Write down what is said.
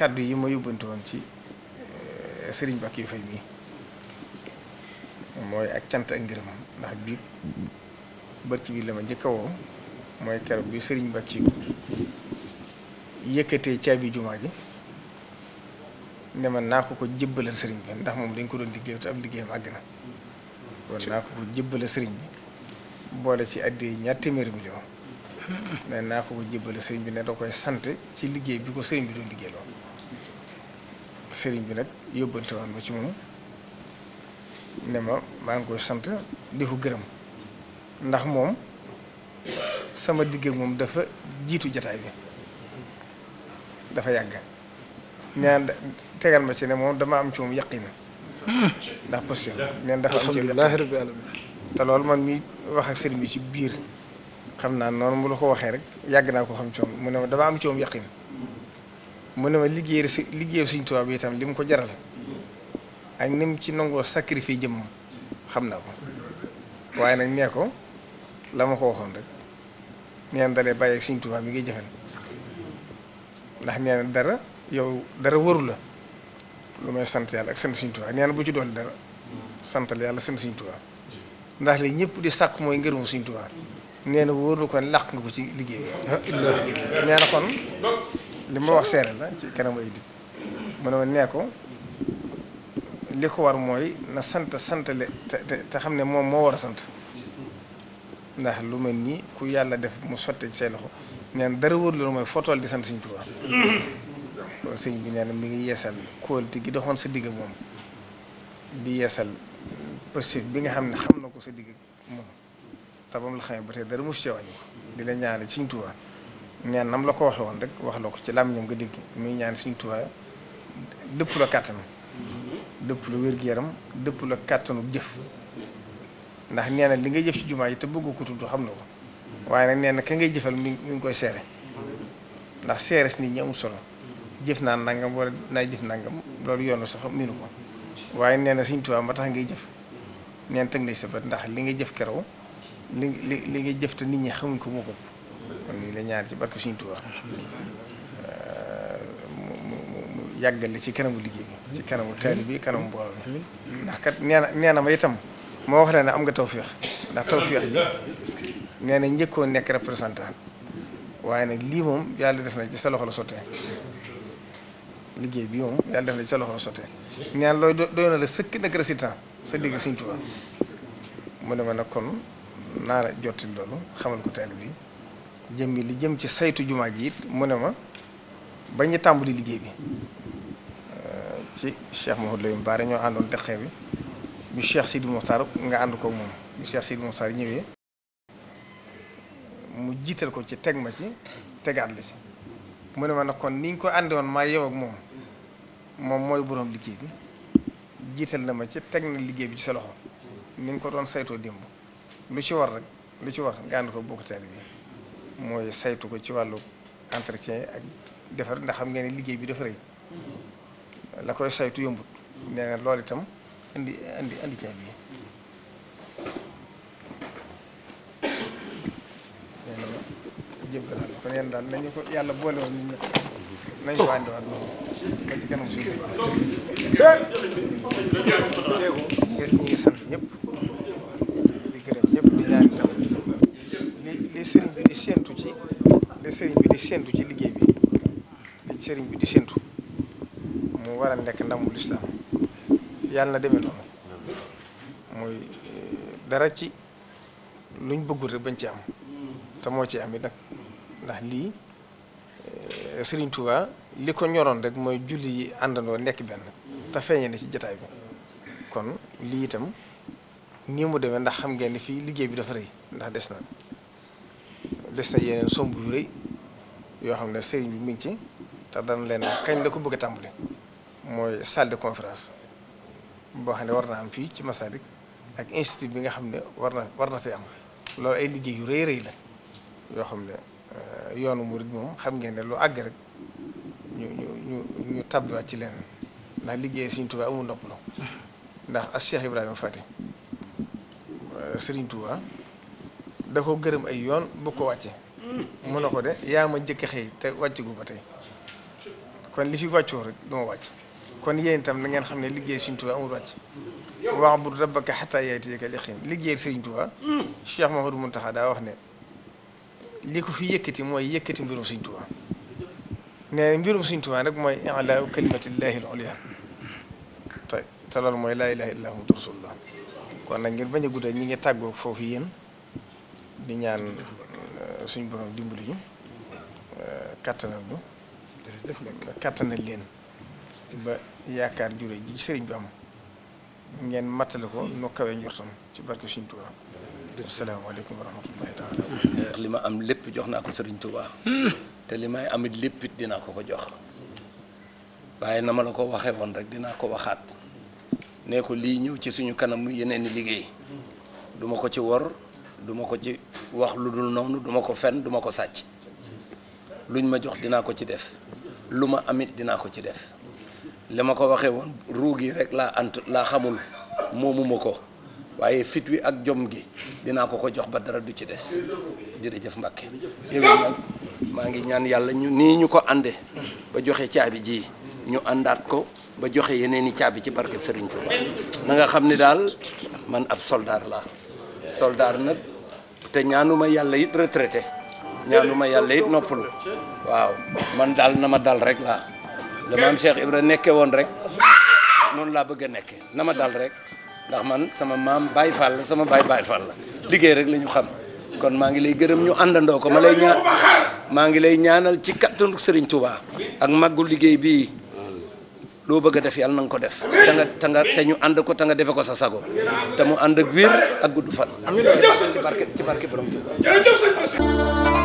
kàddu yi ma yóbbante woon ci eh, sëriñ Bakhiyou Faye mii mooy ak cant ak ngërëmam ndax bi bërki bi la ma njëkk a woo mooy keroog bi sëriñ Bakhiyou yëkkatee caabi jumaa ji ne man naa ko ko jébbalal sëriñ bi ndax moom dañ ko doon liggéey te ab liggéeyam àgg na sëriñ boole ci àddee ñaar téeméeri million hmm. ne naa ko ko jébbale sëriñ bi ne da koy sant ci liggéey bi ko sëriñ bi doon liggéey loolu sëriñ bi nag yóbbante woon ba ci moom ne ma maa ngi koy sant di ko gërëm ndax moom sama digg ak moom dafa jiitu jataay bi dafa yàgg ñaan tegal ma ci ne moom dama am ci moom yaqin ndax possible neen dafa am ci yaqin te loolu man mi wax ak sëriñ bi ci biir xam naa noonu mu la ko waxee rek yàgg naa ko xam ci mu ne ma dama am ci moom yaqin mu ne ma liggéey si liggéeyal suñ tubaab bi tam li mu ko jaral ak nim ci nangoo sacrifice jëmmam xam naa ko waaye nag nee ko la ma ko waxoon rek neen na dalee bàyyi ak suñ tubaab bi ngay jëfen ndax nee na dara yow dara wëru la lu may sant yàlla ak sant suñ tubaab nee bu ci doon dara santal yàlla sant suñ tubaab ndax li ñëpp di sàkk mooy ngërëmu suñ tubaab nee na wóor na kon làq nga ko ci liggéey bi nee na kon li ma wax seere la ci kanam ay dit mu ne ma nee ko li ko war mooy na sant santale te te xam ne moom moo war a sant ndax lu mel nii ku yàlla def mu sotte ci say loxo neen dara wër loolu mooy fotool di sant Sëñ Tuubaa kon sëñ bi nee na mi ngi yeesal kóolute gi doxoon sa digg moom di yeesal positif bi nga xam ne xam na ko sa digg moom te bam la xamee ba tey dara mu si wàññi di la ñaanal Sëñ Tuubaa neen nam la ko waxee woon rek wax la ko ci làmmiñam nga dégg muy ñaan Sëriñ Tuubaa dëpp la kàttan dëpp la wér-gu-yaram dëpp la kàttanu jëf ndax neen li nga jëf ci jumaa yi te bëgg ko tudd xam na ko waaye nag nee na ka ngay jëfal mi mi ngi koy seere ndax seere si nit solo jëf naa nangam wala naa jëf nangam loolu yoonu sax minu ko waaye nee na Sëriñ Tuubaa ma tax ngay jëf neen tëg nañ sa bët ndax li nga jëf keroog li li li nga jëf te nit ñi xamuñ ko moo ko kon ñu ngi ñaar ci barke suñu Tuubaa mu mu yàggal ci kanamu liggéey bi ci kanamu taali kanamu mbooloo mi ndax kat nee na nee na ma itam moo wax la ne am nga tawféex ndax taw bi nee njëkkoo njëkkoon nekk représentant waaye nag lii moom yàlla def na ci sa loxo la sottee liggéey bi moom yàlla def sa loxo la sottee nee na looy doy na la sëkk nag mu ne ma nag kon naa la jotti loolu xamal ko taali bi. jëmmi li jëm ci saytu jumaa ji it mu ne ma bañ ñu tàmbali liggéey bi euh, ci Cheikh Mouhamadou Lamine Bara ñoo àndoon deqee bi bu Cheikh Sidi Moukhtar nga ànd koog moom bu Cheikh Sidi Moukhtar ñëwee mu jiital ko ci teg ma ci tegaat la ci mu ne ma nag kon ni ñu ko àndoon maa yow ak moom moom mooy borom liggéey bi jiital na ma ci teg na liggéey bi ci sa loxo ni ngi ko doon saytoo démb lu ci war rek lu ci war nga ànd ko bokk taal bi. mooy saytu ko ci wàllu entretien ak defar ndax xam ngeen ne liggéey bi dafa rëy la koy saytu yombut nee na loolu itam indi indi indi caabi yi jëbal kon yéen daal nañu ko yàlla boole woon ñu ñëpp nañu ko àndiwaat moom ba ci kanam suuf ñu ngi sant ñëpp di séentu ci li sëriñ bi di séentu ci liggéey bi li sëriñ bi di séentu mu war a nekk ndamu lislaam yàlla na demee noonu muy eh, dara ci luñ bëggul rek bañ ci am te moo ci am it nag ndax lii eh, sëriñ Touba li ko ñoroon rek mooy julli yi àndandoo nekk benn te feeñee na ci jataay bi kon lii itam nii mu demee ndax xam ngeen ni fii liggéey bi dafa rëy ndax des na des na yeneen somb yu rëy yoo xam ne sëriñ bi mi ngi ci te dana leen kañ la ko bëgg a tàmbali mooy salle de conférence boo xam ne war naa am fii ci Massalik ak institut bi nga xam ne war na war na fi am loolu ay liggéey yu rëy rëy la yoo xam ne euh, yoonu murid moom xam ngeen ne lu àgg rek ñu ñu ñu ñu tabbiwaat ci leen ndax liggéey Sëriñ tubaa amul nopp la ndax as Cheikh Ibrahima Fati euh, Sëriñ Tuubaa da ko gërëm ay yoon bu ko wàcce mun na ko de yaa ma njëkk xëy te wàcc gu ba tey kon li fi wàccoo rek duma wàcc kon yéen itam na ngeen xam ne liggéey Sëriñ Tuubaa amul wàcc wa'bud rabbaka hattaa ya'tiyaka al-yaqiin liggéey Sëriñ Tuubaa Cheikh Mouhamadou Mountakha daa wax ne li ko fi yëkkati mooy yëkkati mbirum Sëriñ Tuubaa nee mbirum Sëriñ Tuubaa rek mooy i'laa kalimatillahi al-ulyaa te te loolu mooy laa ilaaha illaa Muhammadu rasuulullaah kon nag ngeen bañ a guddee ñi ngi tàggoo foofu yéen di ñaan euh, suñu borom dimbali ñu euh, yaakaar jure mattale ko nu ci barke suñu li ma am lépp jox naa ko li may amit lépp it dinaa ko ko jox waaye na ma la ko waxee woon rek dinaa ko waxaat ne ko lii ñëw ci suñu kanam yeneen i liggéey duma ko ci wor duma ko ci wax lu dul noonu duma ko fen duma ko sàcc luñ ma jox dinaa ko ci def lu ma amit dinaa ko ci def li ma ko waxee woon ruug yi rek laa ant laa xamul moomuma ko waaye fit wi ak jom gi dinaa ko ko jox ba dara du ci des jërëjëf Mbàkke yow nag maa ngi ñaan yàlla ñu nii ñu ko ànde ba joxe caabi ji ñu àndaat ko ba joxe yeneen i caabi ci barke Sëriñ Tuubaa na nga xam ni daal man ab soldaar laa soldaar nag te ñaanuma yàlla it retraité ñaanuma yàlla it noppalu waaw man daal na ma dal rek laa la maam Cheikh Ibra nekke woon rek noonu laa bëgg a nekke na ma dal rek ndax man sama maam baay Fall la sama baay baay Fall la liggéey rek la ñu xam kon maa ngi lay gërëm ñu àndandoo ko ma lay maa ngi lay ñaanal ci kattanu Serigne Touba ak màggu liggéey bii loo bëgg def yàlla na nga ko def te nga te nga te ñu ànd ko te nga defe ko sa sago te mu ànd ak wér ak gudd fan ci barke ci barke borom Tuuba